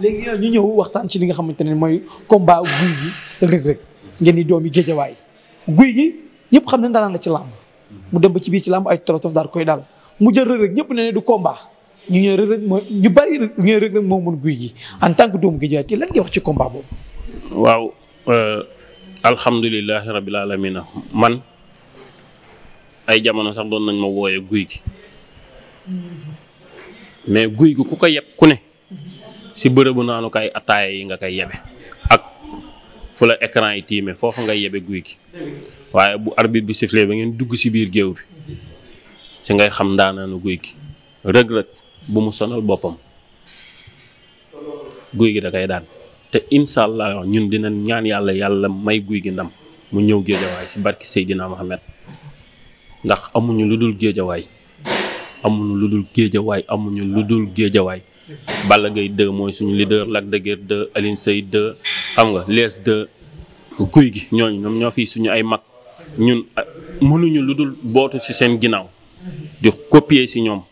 léegi ñu ñëw waxtaan ci li nga xamante ne mooy combat guy gi Reug Reug ngeen di doomi géejawaay guy gi ñëpp xam ne ndaanaan la ci làmb mu dem ba ci biir ci làmb ay torof daal koy daal mu jël Reug Reug ñëpp ne ne du combat ñu ñëw Reug Reug mooy ñu bari ñu Reug moo mun guy gi en tant que doomu géejawaay te lan ngay wax ci combat boobu. waaw euh, alhamdulilahi rabil alamina man ay jamono sax doon nañ ma wooye guy gi mais guy gi ku ko yeb ku ne si bërëbu naanukaay ataaya yi nga koy yebe ak fu la écran yi tiime foofu nga yebe guy gi waaye bu arbitre bi sifflé ba ngeen dugg si biir géew bi si ngay xam ndaanaanu guy gi rëg-rëg bu mu sonal boppam guy gi da kay daan te incha allah ñun dina ñaan yàlla yàlla may guy gi ndam mu ñëw géejawaay si barki Seydina Mohamed ndax amuñu lu dul géejawaay amuñu lu dul géejawaay amuñu lu dul géejawaay Balla Gaye 2 mooy suñu leader Lac de Guiers 2 Alioune xam nga lees 2 guy gi ñooñu ñoom ñoo fi suñu ay mag ñun ah, mënuñu lu dul bootu ci seen ginnaaw di copier si ñoom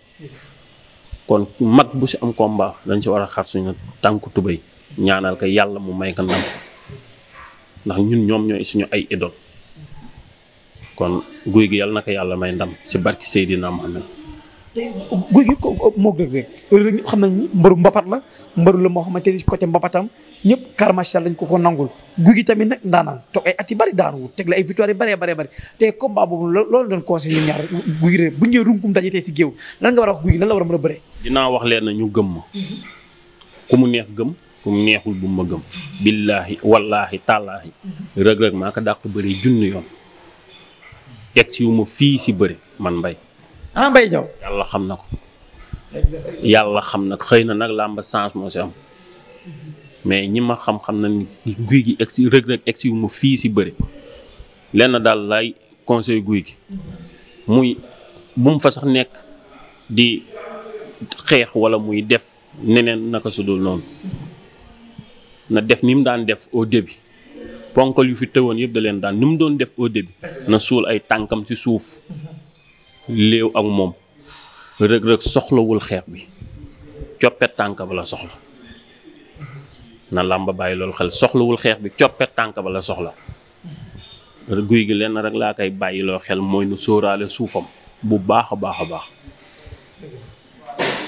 kon mag bu si am combat dañ si war a xar suñu tànku tubéy ñaanal ko yàlla mu may ko ndam ndax ñun ñoom ñooy suñu ay idol kon guy gi yàlla na yàlla may ndam si barki Seydina Mohamed. guy gi moo gën xam nañu mbëru mbapat la mbëru la moo xamante ni côté mbapatam ñëpp karmasal lañ ko ko nangul guy gi tamit nag daanaan toog ay at yu bëri daanuwul teg la ay victoire yu bëree bëri bëri te combat boobu loolu doon conseil yu ñaar guy gi rek bu ñëwee runkum daje tey si géew lan nga war a wax guy gi lan la war a mën a bëree. dinaa wax leen na ñu gëm neex gëm. kum neexul bu ma gëm billaahi wallaahi tàllaahi rëg-rëg maa ko dàq bëri junni yoon teg ma fii si bëri man mbay ah yàlla xam na ko yàlla xam na ko xëy na nag làmba chance moo si am mais ñi ma xam-xam na ni guy gi egsi rëg-rëg ma fii si bëri lenn daal lay conseil guy gi muy bu mu fa sax nekk di xeex wala muy def neneen naka su dul noonu na def ni mu daan def au bi ponkal yu fi tëwoon yëpp da leen daan ni mu doon def au début na suul ay tànkam ci suuf léew ak moom Reug Reug soxlawul xeex bi coppet tànk ba la soxla na làmba bàyyi loolu soxlawul xeex bi coppet tànk ba la soxla guy gi lenn rek laa koy bàyyiloo xel mooy nu sóoraale suufam bu baax a baax a baax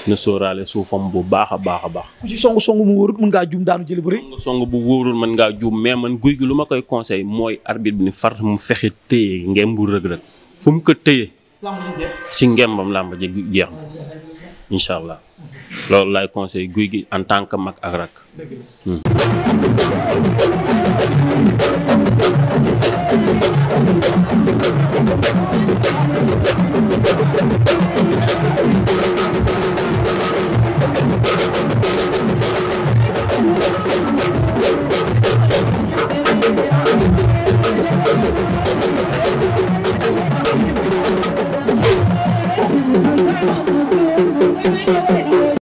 na sóoraale suufam bu baax a baax a baax. ku ci song song mu wóorul mën ngaa juum daanu jëli bëri. song bu wóorul mën ngaa juum mais man guy gi lu ma koy conseil mooy arbitre bi ni far mu fexe téye ngem bu rëg-rëg fu ko téye. si ngembam làmb ji jeex na incha allah loolu laay conseil guy gi en tant que mag ak rak.